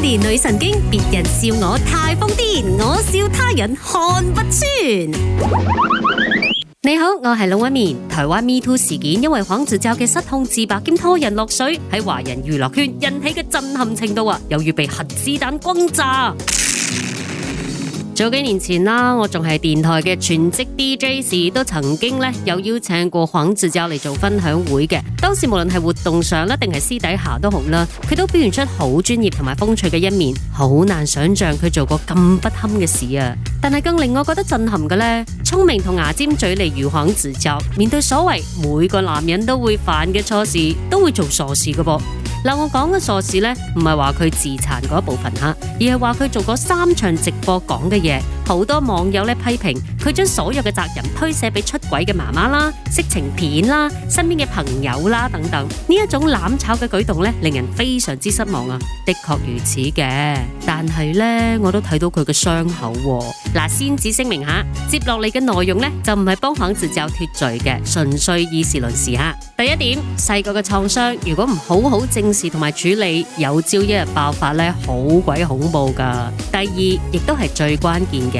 年女神經，別人笑我太瘋癲，我笑他人看不穿。你好，我係龍紋敏。台灣 Me Too 事件因為黃子佼嘅失控自白兼拖人落水，喺華人娛樂圈引起嘅震撼程度啊，猶如被核子彈轟炸。早幾年前啦，我仲係電台嘅全職 DJ 時，都曾經咧有邀請過黃子佼嚟做分享會嘅。當時無論係活動上啦，定係私底下都好啦，佢都表現出好專業同埋風趣嘅一面，好難想象佢做過咁不堪嘅事啊！但係更令我覺得震撼嘅咧，聰明同牙尖嘴利如黃子佼，面對所謂每個男人都會犯嘅錯事，都會做傻事㗎噃。嗱，我講嘅傻事呢，唔係話佢自殘嗰一部分嚇，而係話佢做過三場直播講嘅嘢。好多網友咧批評佢將所有嘅責任推卸俾出軌嘅媽媽啦、色情片啦、身邊嘅朋友啦等等，呢一種攬炒嘅舉動咧，令人非常之失望啊！的確如此嘅，但係咧，我都睇到佢嘅傷口、哦。嗱，先至聲明下，接落嚟嘅內容呢，就唔係幫黃子佼脫罪嘅，純粹以事論事啊！第一點，細個嘅創傷如果唔好好正視同埋處理，有朝一日爆發咧好鬼恐怖噶。第二，亦都係最關鍵嘅。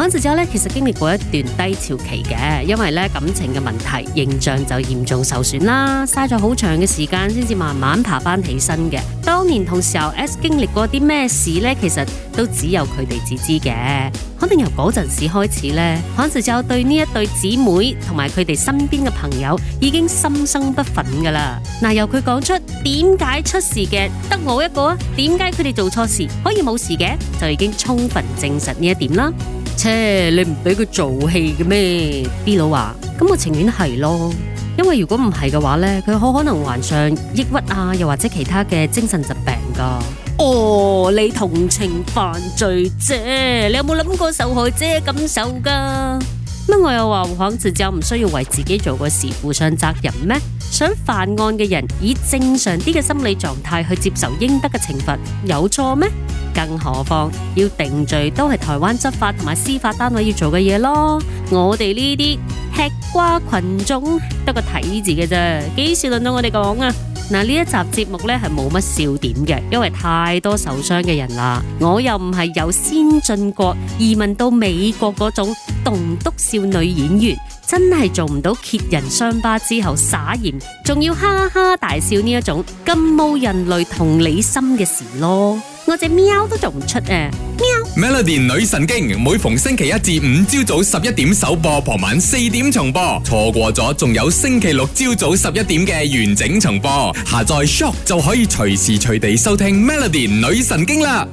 黃子佼咧，其實經歷過一段低潮期嘅，因為咧感情嘅問題，形象就嚴重受損啦，嘥咗好長嘅時間先至慢慢爬翻起身嘅。當年同時候 S 經歷過啲咩事咧，其實都只有佢哋自知嘅。肯定由嗰陣時開始咧，黃子佼對呢一對姊妹同埋佢哋身邊嘅朋友已經心生不忿噶啦。嗱，由佢講出點解出事嘅得我一個啊？點解佢哋做錯事可以冇事嘅？就已經充分證實呢一點啦。切，你唔俾佢做戲嘅咩？B 佬話，咁我情願係咯，因為如果唔係嘅話咧，佢好可能患上抑鬱啊，又或者其他嘅精神疾病噶。哦，你同情犯罪者，你有冇諗過受害者感受噶？乜我又話黃子佼，唔需要為自己做過事負上責任咩？想犯案嘅人以正常啲嘅心理狀態去接受應得嘅懲罰，有錯咩？更何況要定罪都係台灣執法同埋司法單位要做嘅嘢咯，我哋呢啲吃瓜群眾得個睇字嘅啫，幾時輪到我哋講啊？嗱，呢一集節目咧係冇乜笑點嘅，因為太多受傷嘅人啦，我又唔係由先進國移民到美國嗰種棟篤少女演員。真係做唔到揭人傷疤之後撒鹽，仲要哈哈大笑呢一種咁冇人類同理心嘅事咯。我隻喵都做唔出啊！喵。Melody 女神經每逢星期一至五朝早十一點首播，傍晚四點重播。錯過咗，仲有星期六朝早十一點嘅完整重播。下載 Shop 就可以隨時隨地收聽 Melody 女神經啦。